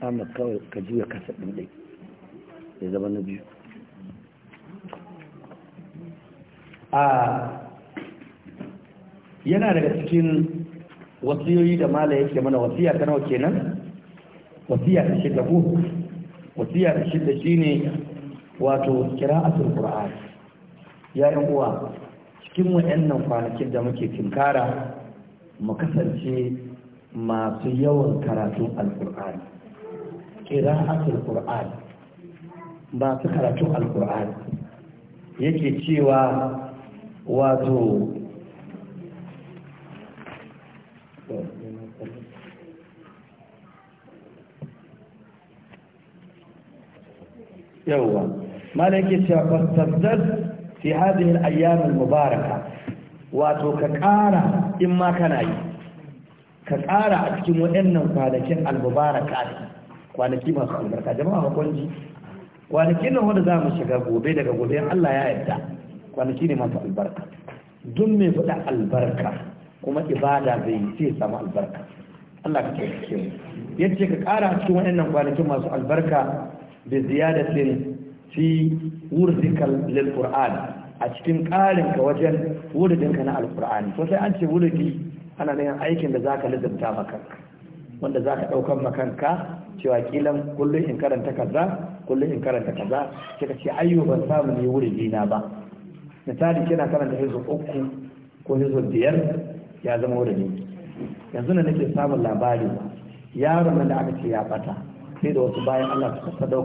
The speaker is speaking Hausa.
ahmad kawai ka juya kasa ɗin ɗai ya zama na biyu a yana daga cikin wasiyoyi da mala yake mana wasiya ta nawa kenan wasiya ta shi ko wasiya ta shi shi ne wato kira a qur'an ya yan uwa cikin wayannan kwanakin da muke tinkara mu kasance masu yawan karatun alkur'ani qira'atul qur'an ba su karatu alqur'ani yake cewa wato yawwa malaki yake cewa fastazdad fi hadhihi al-ayyam al-mubaraka wato ka ƙara in ma kana yi ka ƙara a cikin waɗannan kwanakin albubaraka ne. kwanaki masu albarka jama'a makwanji kwanaki nan wanda za mu shiga gobe daga gobe Allah ya yarda kwanaki ne masu albarka duk mai faɗa albarka kuma ibada bai sai samu albarka Allah ka taimake mu yace ka ƙara cikin waɗannan kwanaki masu albarka bi ziyadatin fi wurdikal lil qur'an a cikin ƙarin ka wajen wurdinka na alqur'ani to sai an ce wurdi ana neman aikin da zaka lizabta maka wanda za ka ɗaukan makanka cewa kilan kullum in karanta kaza kullum in karanta kaza kika ce ayyo ban samu ne wurin dina ba misali kina karanta hizo uku ko hizo biyar ya zama wurin yanzu na nake samun labari yaron da aka ce ya bata sai da wasu bayan Allah suka sadaukar